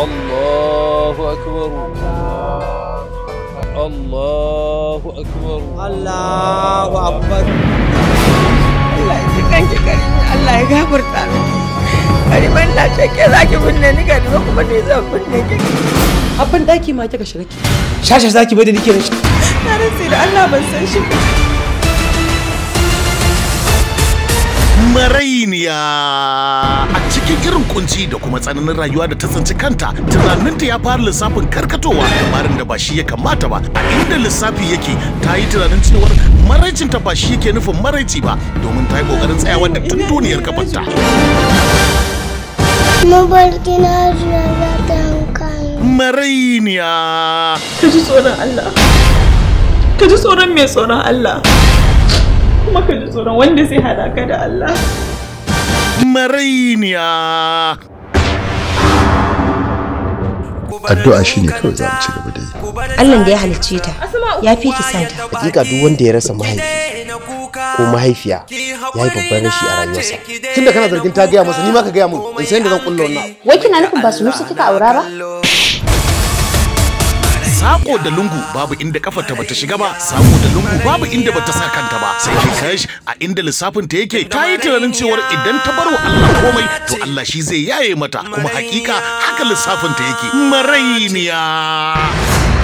الله أكبر الله أكبر da Allah ban san shi ba marainiya a cikin irin kunci da kuma tsananin rayuwa da ta tsinci kanta tunaninta ya fara lissafin karkatowa labarin da ba shi ya kamata ba a inda lissafi yake ta yi tunanin cewar maraicinta ba shi yake nufin maraici ba domin ta yi kokarin tsayawa da tun duniyar kafanta. Mabarkina ta Marainiya. Ka ji tsoron Allah. Ka ji tsoron mai tsoron Allah. kuma ka ji tsoron wanda zai hada ka da Allah. Mariniya! Addu'a shi ne kawai za mu ci gaba da yi. Allah da ya halicce ta ya fi ki santa. Hakika duk wanda ya rasa mahaifi ko mahaifiya ya yi babban rashi a rayuwarsa. Tunda kana zargin ta gaya masa ni ma ka gaya mu in san da zan kulla wannan. Wai kina nufin ba su nusu kika aura ba? sako da lungu babu inda kafar ta bata shiga ba sako da lungu babu inda bata sa kanta ba sai ke kash a inda lissafin ta yake ta yi tunanin cewar idan ta barwa Allah komai to Allah shi zai yaye mata kuma hakika haka lissafin ta yake marainiya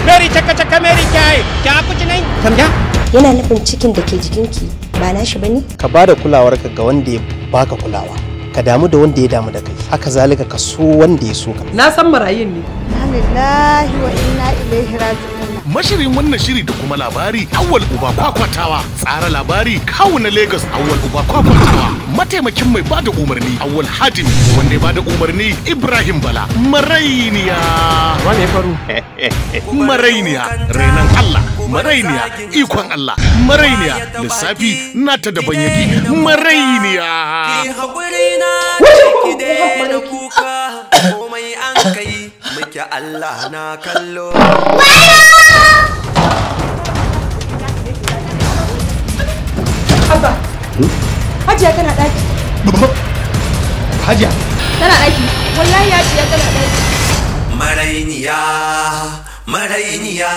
Mary chaka chaka Mary kai ta kuci nan kamda yana nufin cikin da ke jikinki ba nashi bane ka bada kulawarka ga wanda ya baka kulawa ka damu da wanda ya damu da kai haka zalika ka so wanda ya so ka na san marayin ne alhamdulillah wa inna ilaihi raji'un mashirin wannan shiri da kuma labari awwal uba kwakwatawa tsara labari kawu na lagos awwal uba kwakwatawa mataimakin mai bada umarni awwal hadimi wanda ya bada umarni ibrahim bala marainiya wane faru marainiya renan allah marainiya ikon allah marainiya lissafi nata daban yake marainiya daina kuka komai an kai muke Allah na kallo. Abba, Hajiya tana ɗaki. Hajiya? Tana ɗaki, wallahi Hajiya tana ɗaki. Marainiya, marainiya.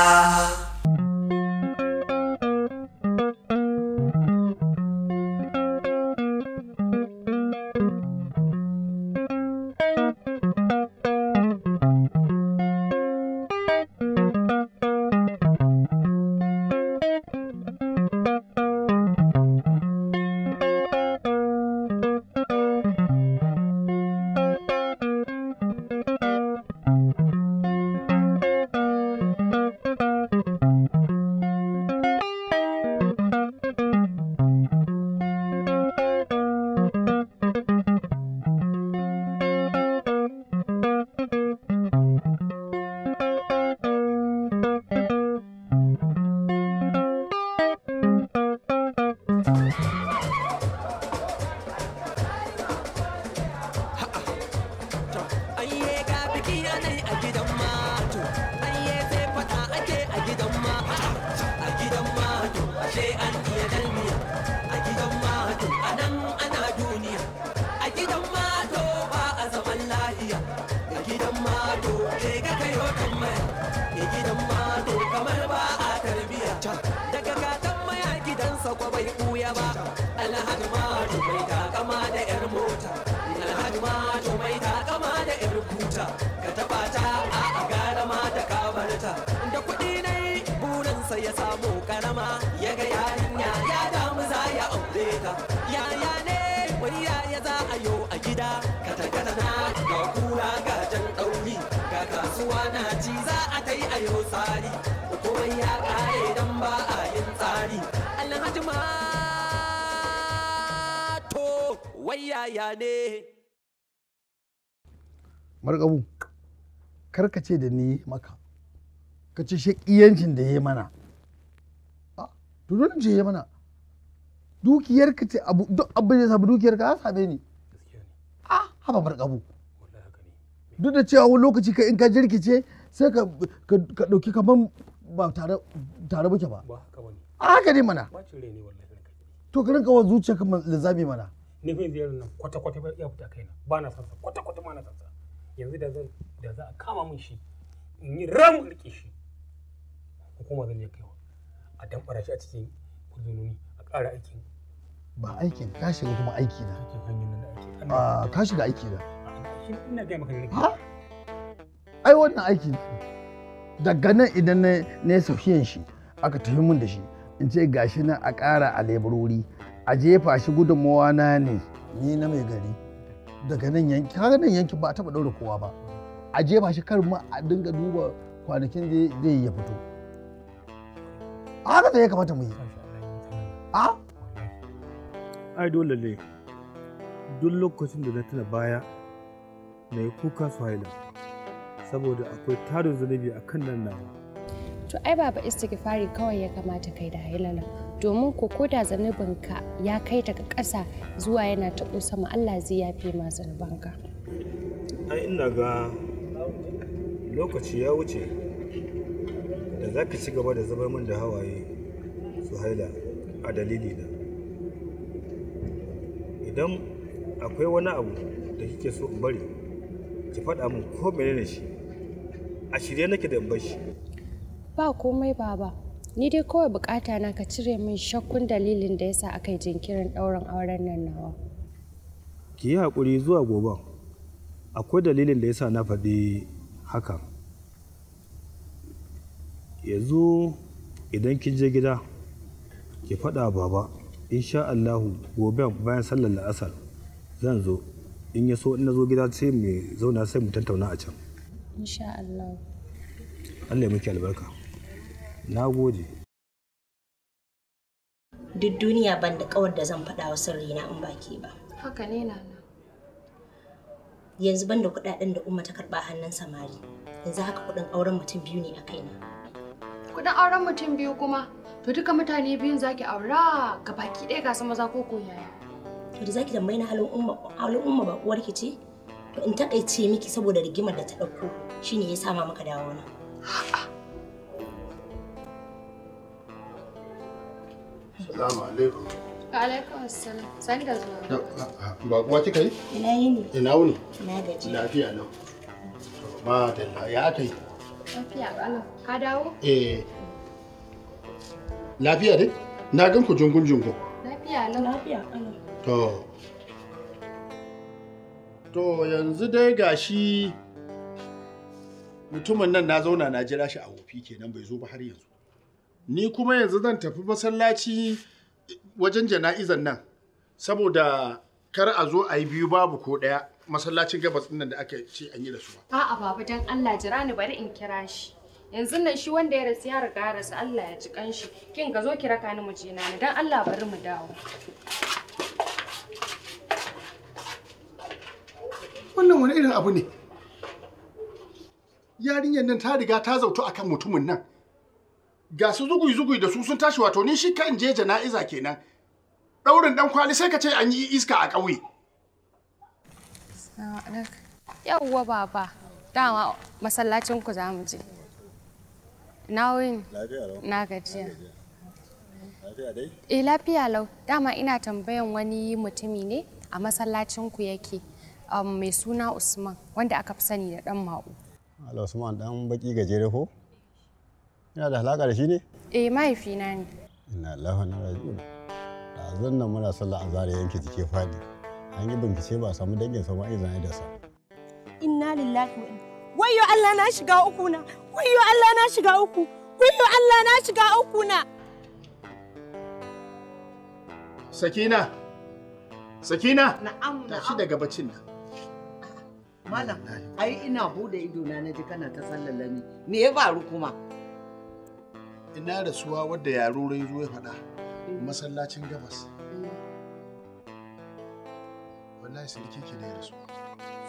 kasuwa na ci za a ta yi a yau tsari komai ya kare idan ba a yin tsari alhaji ma to wayaya ne markabu karkace da ni maka ka ce shaƙiyancin da ya mana a ah, dole ce ya mana ka ce abu duk abin da ya sabu dukiyarka ya same ni a ah, haba markabu duk da cewa wani lokaci ka in ka jirkice sai ka ka dauki kaman ba tare muke ba a haka ne mana to ka rinka wa zuciya da lizami mana ni fa ziyarar nan kwata kwata ya fita kaina ba na san kwata kwata ma na san yanzu da zan da za a kama min shi in yi ram rike shi hukuma zan je kaiwa a damfara shi a cikin kuzununi a ƙara aikin ba aikin ka shiga kuma aiki na ah, ka shiga aiki na aikin ina maka ha ai wannan aiki daga nan idan na ne sauhiyan shi aka tafi mun da shi in ce gashi nan a ƙara a leburori a jefa shi gudunmawa na ne ni na mai gari daga nan yanki kaga nan yanki ba a taɓa ɗaura kowa ba a jefa shi kar ma a dinga duba kwanakin da zai ya fito haka da ya kamata mu yi a ai dole ne duk lokacin da na tuna baya mai kuka suhaila saboda akwai tarin zunubi a kan nan nawa to ai baba istighfari kawai ya kamata kai da hailala domin ko ko da zanubinka ya kai daga ƙasa zuwa yana ta sama Allah zai yafe ma zanubanka ai ina ga lokaci ya wuce da za ka ci gaba da zama min da hawaye su haila a dalili da idan akwai wani abu da kike so in bari ki faɗa min ko menene shi a shirye nake da shi ba komai baba ni dai kawai bukata na ka cire min shakkun dalilin da yasa aka yi jinkirin ɗaurin auren nan nawa ki yi haƙuri zuwa gobe akwai dalilin da yasa na faɗi haka yanzu idan kin je gida ki faɗa baba insha Allahu gobe bayan sallar la'asar zan zo in ya so in na zo gida sai mu zauna sai mu tattauna a can insha Allah Allah ya miki albarka na gode duk duniya ban da kawar da zan faɗa wa sirrina in baki ba haka ne na yanzu ban da kuɗaɗen da umma ta karɓa hannun samari yanzu haka kuɗin auren mutum biyu ne a kaina kuɗin auren mutum biyu kuma to duka mutane biyun zaki aura ga baki ɗaya ga maza ko ko koyaya to da zaki tambayi na halin umma halin umma ba uwar ki ce to in takaice miki saboda rigimar da ta dauko shine ya sama maka dawo na Assalamu alaikum. Alaikum assalam. Sani da zuwa. Ah, ah, ba kuwa kika yi? Ina yi ne. Ina wuni? Ina gaji. Lafiya lau. Ba da ya aka yi? Lafiya ƙalau. Ka dawo? Eh. Lafiya dai? Na gan ku jungun jungun. Lafiya lau. Lafiya ƙalau. To. To yanzu dai gashi mutumin nan na zauna na jira shi a wofi kenan bai zo ba har yanzu. Ni kuma yanzu zan tafi masallaci wajen jana'izan nan saboda kar a zo a yi biyu babu ko ɗaya masallacin gabas ɗin nan da aka ce an yi da su ba. A'a baba dan Allah jira ni bari in kira shi. yanzu nan shi wanda ya rasu ya riga rasu Allah ya ci kanshi kin ga zo ki raka ni mu je na dan Allah bari mu dawo wannan wani irin abu ne yarinyar nan ta riga ta zautu akan mutumin nan ga su zugui-zugui da su sun tashi wato ni shi kan je jana'iza kenan daurin dankwali kwali sai ka ce an yi iska a ƙauye yawwa baba dama masallacin ku za mu je na wuni na gajiya eh, lafiya lau dama ina tambayan wani mutumi ne a masallacin ku yake Um, mai suna Usman wanda aka fi sani da dan ma'u. Allah Usman dan baki gajere ko? Yana da halaka da shi ne? Eh mahaifina ne. Inna Allah wa da A zannan muna sallah a azhar yanke jike fadi. An yi bincike ba samu dangin sa ba ai zan da sa. Inna lillahi wa inna Wayyo Allah na shiga uku na. Wayyo Allah na shiga uku. Wayyo Allah na shiga uku na. Sakina. Sakina. Na'am na'am. Tashi daga bacin nan. Malam, ai ina bude ido na naji kana ta sallalami. Me ya faru kuma? Ina rasuwa wadda yaro rai zo ya faɗa mm. masallacin gabas. Mm. Wallahi sulki ke da rasuwa.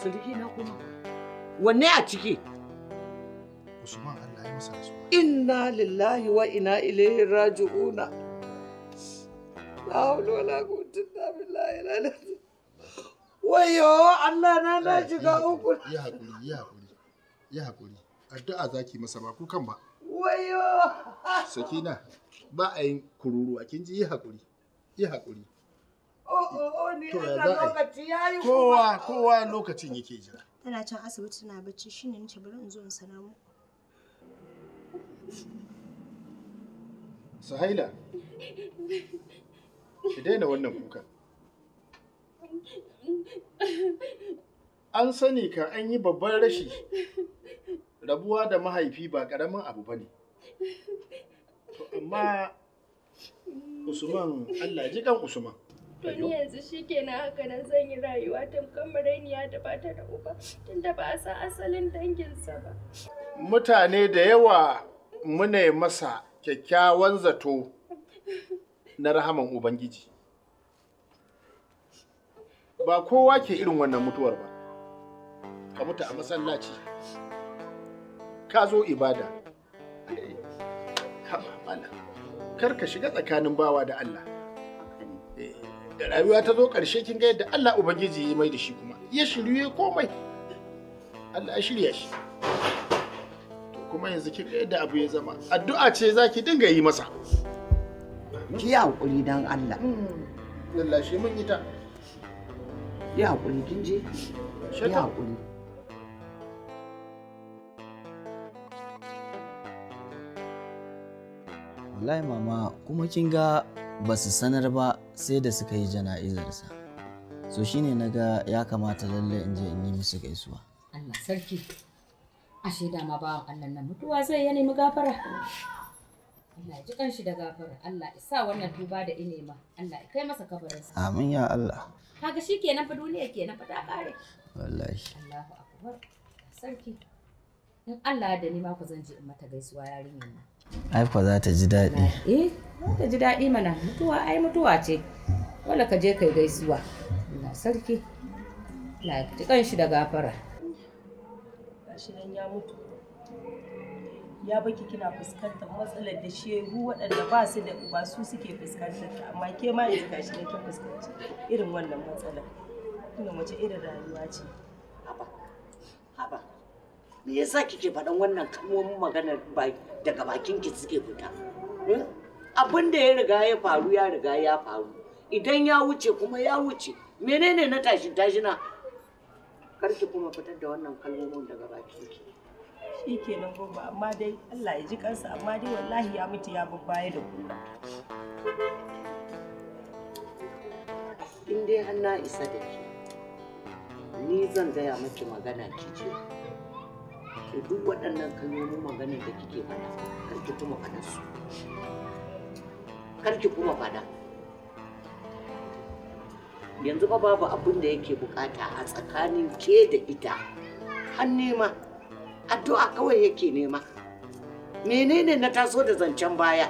Sirki na kuma. Wanne a ciki? Usman Allah ya masa rasuwa. Inna lillahi wa ina ilaihi raji'una. La hawla wala quwwata illa billah. wayo Allah na na shiga uku yi hakuri yi hakuri yi hakuri addu'a zaki masa ba ku kan ba wayo sakina ba a yin kururuwa kin ji yi hakuri yi hakuri kowa kowa lokacin yake jira tana can asibiti na bacci shi shine nace bari in zo in sanar muku Sahaila, ki daina wannan kukan. An sani ka an yi babban rashi. Rabuwa da mahaifi ba ƙaramin abu ba ne. Amma Usman, Allah ji kan Usman. Tun yanzu shi kenan haka nan zan yi rayuwa kamar rainiya da ba ta da uba tun ba a san asalin danginsa ba. Mutane da yawa muna masa kyakkyawan zato na rahaman Ubangiji. ba kowa ke irin wannan mutuwar ba ka mutu a masallaci ka zo ibada kar ka shiga tsakanin bawa da Allah eh, da rayuwa ta zo ƙarshe kin ga yadda Allah ubangiji ya mai da shi kuma ya shirye komai Allah ya shirya shi to kuma yanzu kin ga yadda abu ya zama addu'a ce zaki dinga yi masa ki hankuri dan Allah hmm. Allah shi mun yi ta yi haƙuri kin je yi haƙuri wallahi mama kuma kin ga ba su sanar ba sai da suka yi jana'izarsa so shine na ga ya kamata lalle in je in yi musu gaisuwa Allah sarki ashe dama bawan Allah nan mutuwa zai ya nemi gafara Allah ji kanshi da gafara Allah isa wannan duba da inema Allah ya kai masa sa amin ya Allah kaga shi kenan fa duniya kenan fa ta kare wallahi Allahu akbar sarki in Allah da ni ma ku zan je in mata gaisuwa yarinyar nan ai fa za ta ji daɗi eh za ta ji daɗi mana mutuwa ai mutuwa ce wala ka je kai gaisuwa Allah sarki Allah ya ji kanshi da gafara gashi nan ya mutu ya baki kina fuskantar matsalar da shehu waɗanda ba su da uba su suke fuskantar ta amma ke ma yanzu gashi ne kin fuskanci irin wannan matsalar kuma mace irin rayuwa ce haba haba me yasa kike faɗan wannan kalmomin magana daga bakin ki suke fita hmm? abin da ya riga ya faru ya riga ya faru idan ya wuce kuma ya wuce menene na tashi tashina karki kuma fitar da wannan kalmomin daga bakin ki shi dai Allah ya ji kansa amma dai wallahi ya mutu ya babba da kula in dai har isa da ke ni zan gaya miki magana kice da duk waɗannan kalmomin maganar da kike faɗa kar ki kuma faɗa su kar ki kuma faɗa yanzu ba babu abin da yake bukata a tsakanin ke da ita har nema addu'a kawai yake nema menene na taso da zancen baya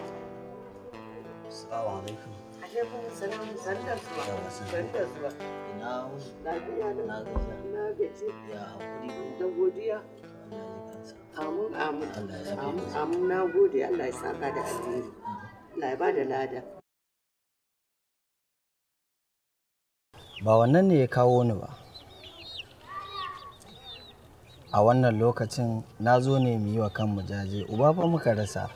ba wannan ne ya kawo ni ba a wannan lokacin na zo ne mu yi wa kanmu jaje uba fa muka rasa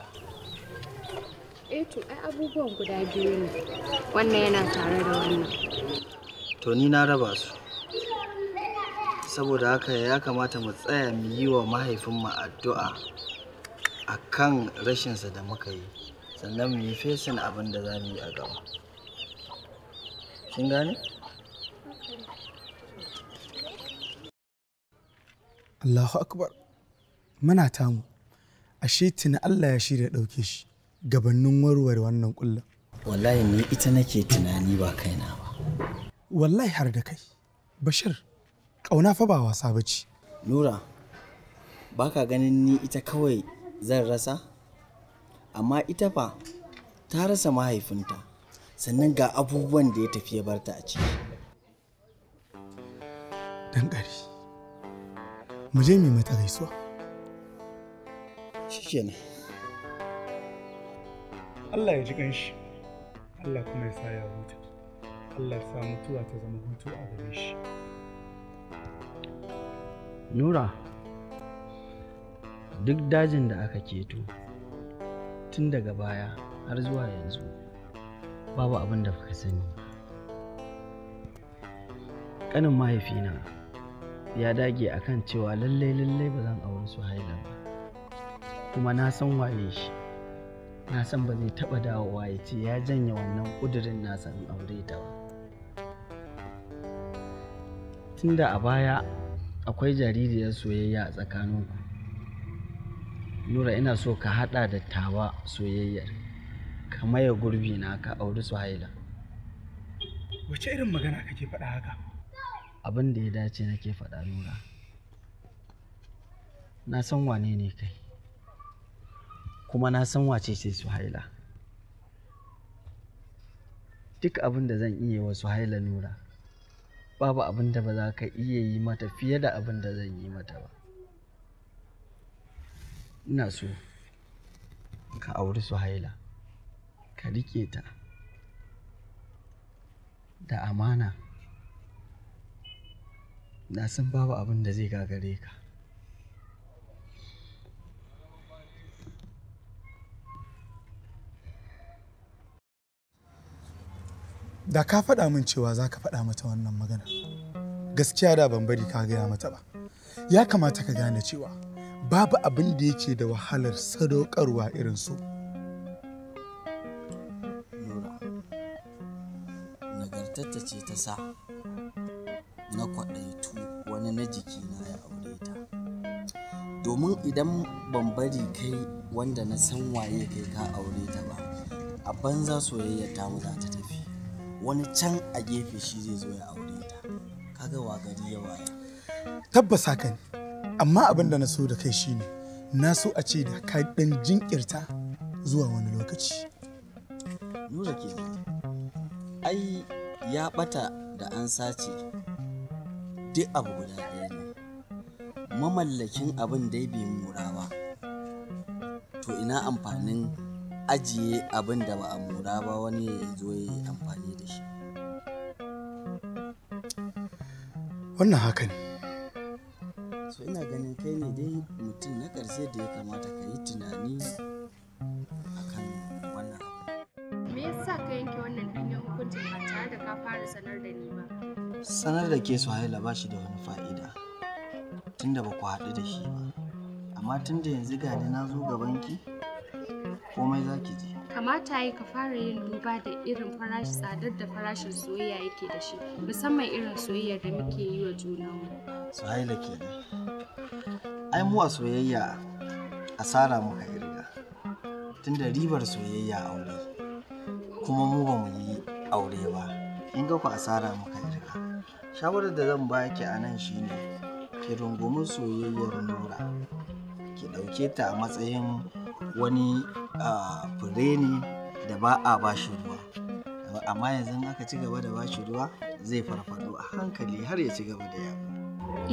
eh to ai abubuwan guda biyu ne wannan yana tare da wannan to ni na raba su saboda haka ya kamata mu tsaya mu yi wa mahaifinmu addu'a a kan rashinsa da muka yi sannan mu yi fesin abin da za mu yi a gaba kin gane? Allahu akbar muna tamu ashe tuni Allah ya shirya ɗauke shi gabanin warware wannan kullum wallahi ni ita nake tunani ba kaina ba wallahi har da kai bashir ƙauna fa ba wasa ba ce nura ba ka ganin ni ita kawai zan rasa amma ita fa ta rasa mahaifinta sannan ga abubuwan da ya tafi ya barta a ciki. Dankari. mu je mu mata gaisuwa shikenan Allah ya ji kanshi Allah kuma ya sa ya huta Allah ya sa mutuwa ta zama hutu a gare shi Nura duk dajin da aka keto tun daga baya har zuwa yanzu babu abin da baka sani ƙanin mahaifina ya dage akan cewa lallai lallai ba zan auri su haila ba kuma na san waye shi na san ba zai taɓa dawowa ya ce ya janye wannan ƙudurin nasa in aure ta ba tunda a baya akwai jaririyar soyayya a tsakaninku nura ina so ka haɗa da tawa soyayyar ka maye gurbi na ka auri su haila wace irin magana kake faɗa haka abin da ya dace nake faɗa nura na san wane ne kai kuma na san wace ce suhaila duk abin da zan iya wa suhaila nura babu abin da ba za ka iya yi mata fiye da abin da zan yi mata ba ina so ka auri suhaila ka rike ta da amana na san babu abin da zai gagare ka da ka faɗa min cewa za ka faɗa mata wannan magana gaskiya da ban bari ka gaya mata ba ya kamata ka gane cewa babu abin da yake da wahalar sadaukarwa irin su nagartatta ce ta sa na kwaɗa wani na na ya aure ta domin idan ban bari kai wanda na san waye kai ka aure ta ba a banza soyayya ta za ta tafi wani can a gefe shi zai zo ya aure ta kaga wa gari ya waya tabbas hakan amma abin da na so da kai shine na so a ce da ka dan jinkirta zuwa wani lokaci nura ke ai ya bata da an sace duk abu guda ɗaya ne mamallakin abin da ya mura murawa to ina amfanin ajiye abin da ba a mura ba wani ya zo ya amfani da shi wannan haka ne so ina ganin kai ne dai mutum na ƙarshe da ya kamata ka yi tunani akan wannan abu me yasa ka yanke wannan ɗanyen hukuncin ba tare da ka fara sanar da ni sanar da ke Suhaila ba shi da wani fa'ida tunda ba ku haɗu da shi ba amma tunda yanzu ga na zo gabanki komai za ki je kamata yi ka fara yin duba da irin farashi tsadar da farashin soyayya yake da shi musamman irin soyayya da muke yi wa junanmu Suhaila kenan ai mu a soyayya asara muka irga tunda ribar soyayya aure kuma mu ba mu yi aure ba in ga ku asara muka irga shawarar da zan baki a nan shine ki rungumi soyayyar nura ki ɗauke ta a matsayin wani fure ne da ba a shi ruwa amma yanzu aka ci gaba da bashi ruwa zai farfado a hankali har ya ci gaba da yawo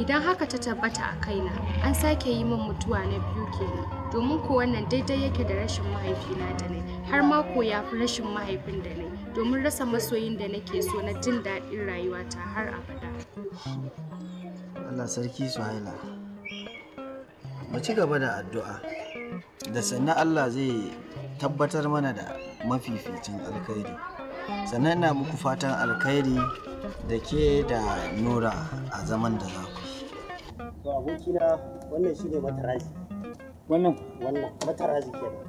idan haka ta tabbata a kai na an sake yi min mutuwa na biyu kenan domin ko wannan daidai yake da rashin mahaifina da nai har ma ko ya fi rashin mahaifin da nai domin rasa masoyin da nake so na jin daɗin rayuwata har abada Allah sarki Suhaila. Mu ci gaba da addu'a. Da sannan Allah zai tabbatar mana da mafificin alkhairi. Sannan na muku fatan alkhairi da ke da nura a zaman da za ku yi. To abokina wannan shine matarazi. Wannan? Wannan matarazi kenan.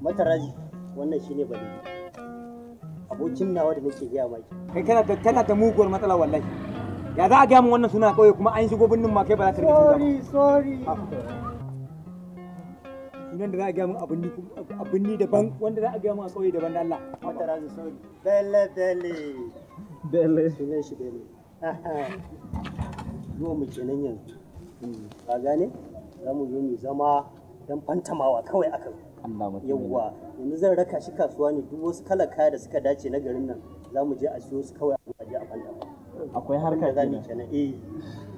Matarazi wannan shine bali. Abokin nawa da nake gaya maki. Kai kana da muguwar matsala wallahi. ya za a gaya min wannan suna kauye kuma an shigo birnin ma kai ba za ka rika sorry sorry ah. sunan da za a gaya min abin ni daban wanda za a gaya min a kauye daban da Allah mata razu sorry bele bele bele sunan shi bele zo mu kenan yanzu hmm. ka gane za mu zo mu zama dan fantamawa kawai akan yauwa yanzu zan raka shi kasuwa ne duk wasu kala kaya da suka dace na garin nan za mu je a siyo su kawai akwai harkar da zamu kenan eh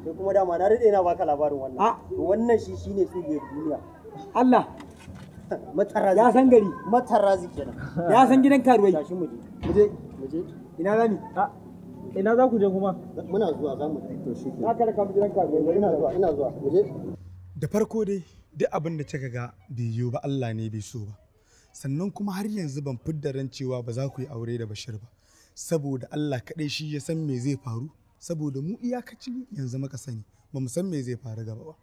to kuma dama na rade ina baka labarin wannan ah. wannan shi shine tsige duniya Allah matarazi ya san gari matarazi kenan ya san gidan karuwai tashi mu je mu je ina zani a ah, ina za ku je kuma muna zuwa za mu je to shi ke haka da gidan karuwai ina zuwa ina zuwa mu je da farko dai duk abin da kika ga bai yiwu ba Allah ne bai so ba sannan kuma har yanzu ban fidda ran cewa ba za ku yi aure da Bashir ba saboda Allah kaɗai shi ya san me zai faru saboda mu iyakaci yanzu muka sani ba mu san me zai faru gaba ba.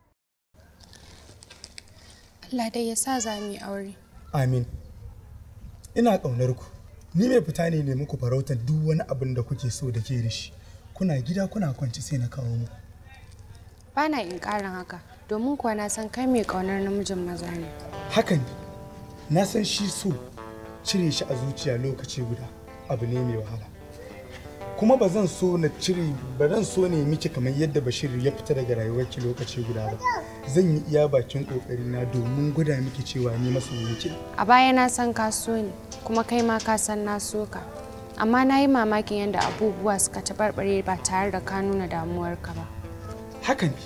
Allah dai ya sa za mu yi aure. Amin. Ina ƙaunar ku. Ni mai fita ne ne muku farautar duk wani abin da kuke so da ke da shi. Kuna gida kuna kwanci sai na kawo mu. Ba na in ƙarin haka domin kuwa na san kai mai ƙaunar namijin maza ne. Hakan na san shi so cire shi a zuciya lokaci guda. abu ne mai wahala kuma ba zan so na cire ba zan so ne miki kamar yadda bashir ya fita daga rayuwar ki lokaci guda ba zan yi iya bakin kokari na domin guda miki cewa ni masoyin ki a baya na san ka so ni kuma kai ma ka san na so ka amma na yi mamakin yadda abubuwa suka tabarbare ba tare da ka nuna damuwar ka ba haka ne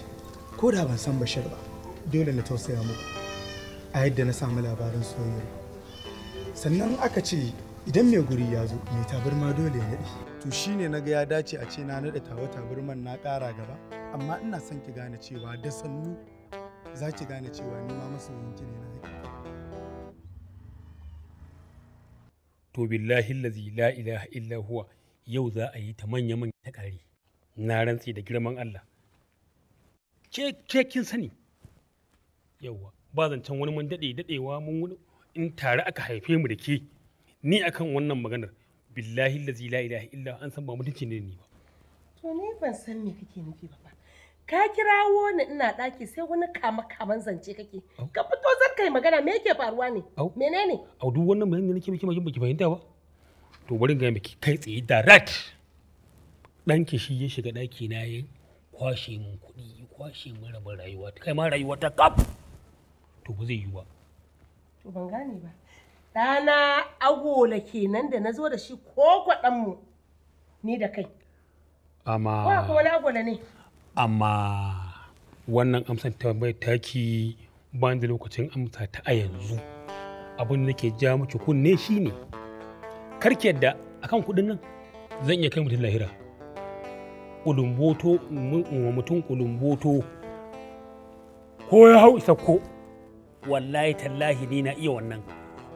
ko da ban san bashir ba dole na tausaya muku a yadda na samu labarin soyayya sannan aka ce idan mai guri ya zo mai tabarma dole ya naɗi to shine naga ya dace a ce na naɗa tawa tabarman na ƙara gaba amma ina son ki gane cewa da sannu za ki gane cewa ni ma masoyin ki ne na haƙi to billahi allazi la ilaha illa huwa yau za a yi ta manya manya ta ƙari na rantsi da girman Allah ke ke kin sani yauwa ba zancen wani mun daɗe daɗewa mun in tare aka haife mu da ke ni akan wannan maganar billahi lazi la ilaha illa an san ba mutunci ne ni ba to ni ban san me kake nufi ba ka kirawo ni ina daki sai wani kama kaman zance kake ka fito zan kai magana me yake faruwa ne menene au duk wannan mai ne nake miki maki baki fahimta ba to bari ga miki kai tsaye direct ki shi ya shiga daki na yin kwashe mun kuɗi kwashe mun rabin rayuwa kai ma rayuwa ta kaf to ba zai yi ba to ban gane ba ɗana agola kenan da na zo da shi ko kwaɗanmu ni da kai amma ko kuma na agola ne amma wannan amsar tambayar taki ba da lokacin amsa ta a yanzu abin da nake ja miki kunne shine karki yadda akan kuɗin nan zan iya kai mutum lahira kulumboto mutum kulumboto ko ya hau isa ko wallahi tallahi ni na iya wannan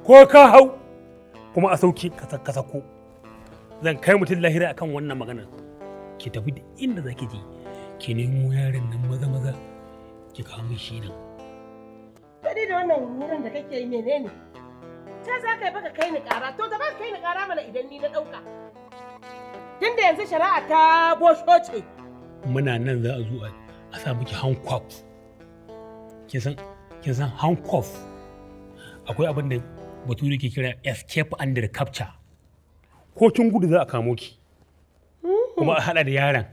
ko ka hau kuma a sauki ka sako zan kai mutum lahira akan wannan magana ki tafi da inda zaki je ki nemo yaron nan maza maza ki kawo min shi nan kadi da wannan wurin da kake yi menene ta za ka yi baka kai ni kara to da ba kai ni kara mana idan ni na dauka tunda yanzu shari'a ta bosho ce muna nan za a zo a sa miki hankwaf kin san kin san hankwaf akwai abin da bature ke kira escape under capture ko kin gudu za a kamo ki kuma a hada da yaran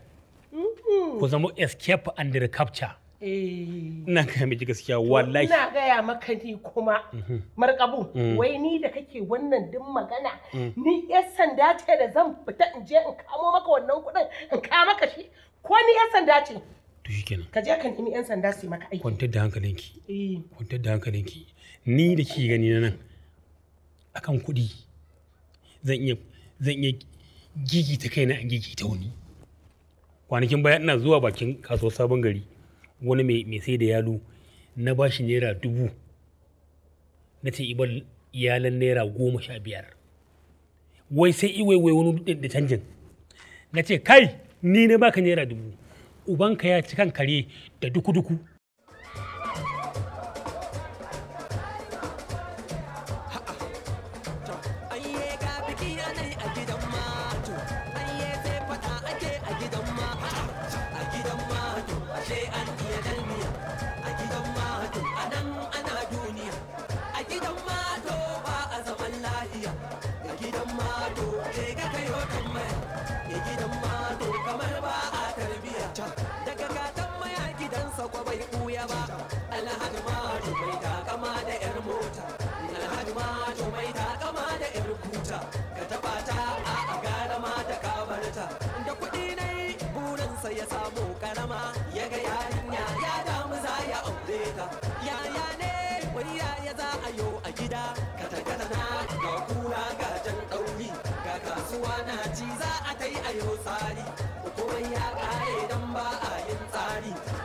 ku zama escape under capture eh. ina gaya miki gaskiya wallahi ina gaya maka ni kuma mhm. markabu mm. wai ni da kake wannan din magana mm. ni yan sanda ce da zan fita in je in kamo maka wannan kuɗin in kawo maka shi ko ni yan sanda ce to shikenan ka je ka nemi yan sanda su maka aiki kwantar da hankalinki eh. kwantar da hankalinki ni da kike gani na nan akan kuɗi zan iya zan iya gigita kaina gigi gigita wani kwanakin baya ina zuwa bakin kasuwar sabon gari wani mai sai da yalo na bashi naira dubu na ce ibal iyalan naira goma sha biyar wai sai iwai wai wani da canjin na ce kai ni na baka naira dubu ubanka ya ci kan kare da duku-duku ko bai ƙuya ba alhaji mato mai takama da yar mota alhaji mato mai takama da yar kuta ka taba ta a gara ma da kabarta da kuɗi ne burinsa ya samu karama ya ga yarinya ya damu za ya aure ta yaya ne ya yaya za a yo a gida katakata na ga kura ga jan ga kasuwa na ci za a tai a yo tsari hukumar ya kare dan ba a yin tsari